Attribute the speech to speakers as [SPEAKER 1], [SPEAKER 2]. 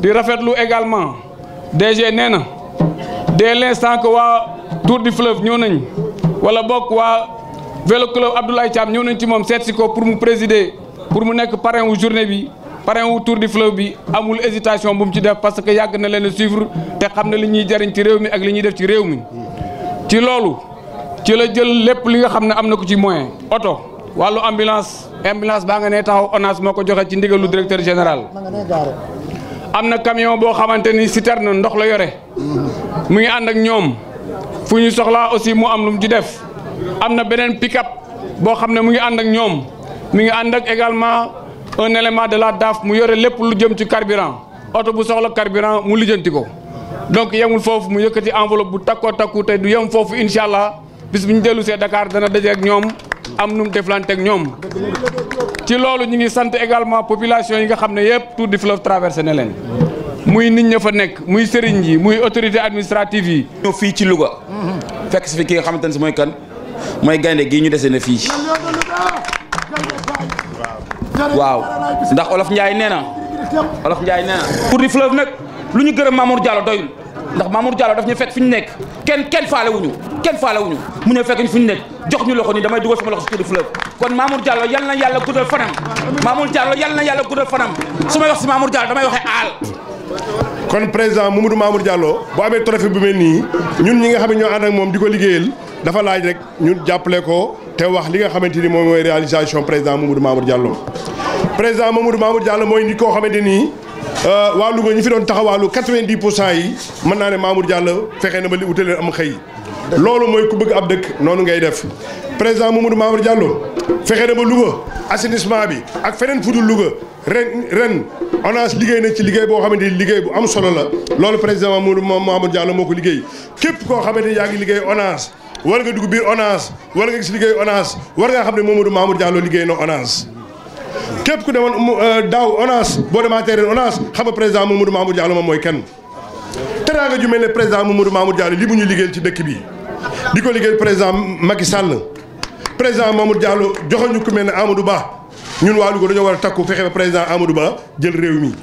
[SPEAKER 1] di rafetlu également DG nee na dès l'instant que waa Tour du Fleuve ñëw nañ wala bokk waa vélo club Abdoulaye Thiam ñëw nañ ci moom seet si ko pour mu présider pour mu nekk parrain wu journée bi parrain wu Tour du Fleuve bi amul hésitation bu ci def parce que yàgg na leen suivre te xam na li ñuy jariñ ci réew mi ak li ñuy def ci réew mi ci loolu ci la jël lépp li nga xam ne am na ko ci moyen oto wàllu ambulance ambulance baa nga nee taxaw ONAS moo ko joxe ci ndigalu directeur général am na camion boo xamante ni citerne ndox la yore mm-hmm. mu ngi ànd ak ñoom fu ñu soxlaa aussi mu am lu mu ci def am na beneen pick boo xam ne mu ngi ànd ak ñoom mu ngi ànd ak également un élément de la daaf mu yore lépp lu jëm ci carburant oto bu soxla carburant mu lijjanti ko donc yemul foofu mu yëkkati enveloppe bu takkoo takku du yem foofu incha allah bis bu ñu dellu see Dakar dana daje ak ñoom am nu mu deflante ak ñoom. ci loolu ñu ngi sant également population yi nga xam ne yëpp Tour du fleuve traversé na leen muy nit ña fa nekk muy sëriñ yi muy autorité administrative yi. ñëw fii ci Louga. fekk si ki nga xamante ne si mooy kan mooy
[SPEAKER 2] gaynde gii ñu dese na fii. waaw ndax olof Ndiaye nee na olof Ndiaye nee na. Tour du fleuve nag lu ñu gërëm Mamour Diallo doy ndax Mamour Diallo daf ñu fekk fu ñu nekk kenn kenn faalewuñu kenn faalewuñu mu ñëw fekk ñu fu ñu nekk jox ñu loxo ni damay dugal sama loxo si tudd fleuve kon Mamour Diallo yal na yàlla guddal fanam Mamour Diallo yal na yàlla guddal fanam su may wax si Mamour Diallo damay waxee aal
[SPEAKER 3] kon président Mamadou Mamour Diallo bu amee trophée bu mel nii ñun ñi nga xam ne ñoo ànd moom di ko liggéeyal dafa laaj rek ñu jàppale ko te wax li nga xamante ni moom mooy réalisation président Mamadou Mamour Diallo président Mamadou Mamour Diallo mooy nit koo xamante nii euh, waa Louga ñu fi doon taxawaalu 90 pour cent yi mën naa ne Mamour Diallo fexe na ba li wute xëy loolu mooy ku bëgg ab dëkk noonu ngay def président Mamadou Mamour Diallo fexe na ba Louga assainissement bi ak feneen fudul Louga ren ren ONAS liggéey na ci liggéey boo xamante ni liggéey bu am solo la loolu président Mamadou Mamour Diallo moo ko liggéey képp koo xamante ni yaa ngi liggéey ONAS war nga dugg biir ONAS war nga gis liggéey ONAS war ngaa xam ne Mamadou Mamour Diallo liggéey na ONAS képp ku demoon euh, daaw ONAS boo demaatee ren ONAS xam nga président Mamadou Mamour Diallo moom mooy kenn teraanga ju mel ne président Mamadou Mamour Diallo li mu ñu liggéey ci dëkk bi di ko liggéey président Macky Sall président Mamour Diallo joxoon ñu ku mel ne Amadou Ba ñun waa ko dañoo war a takku fexe ba président Amadou Ba jël réew mi.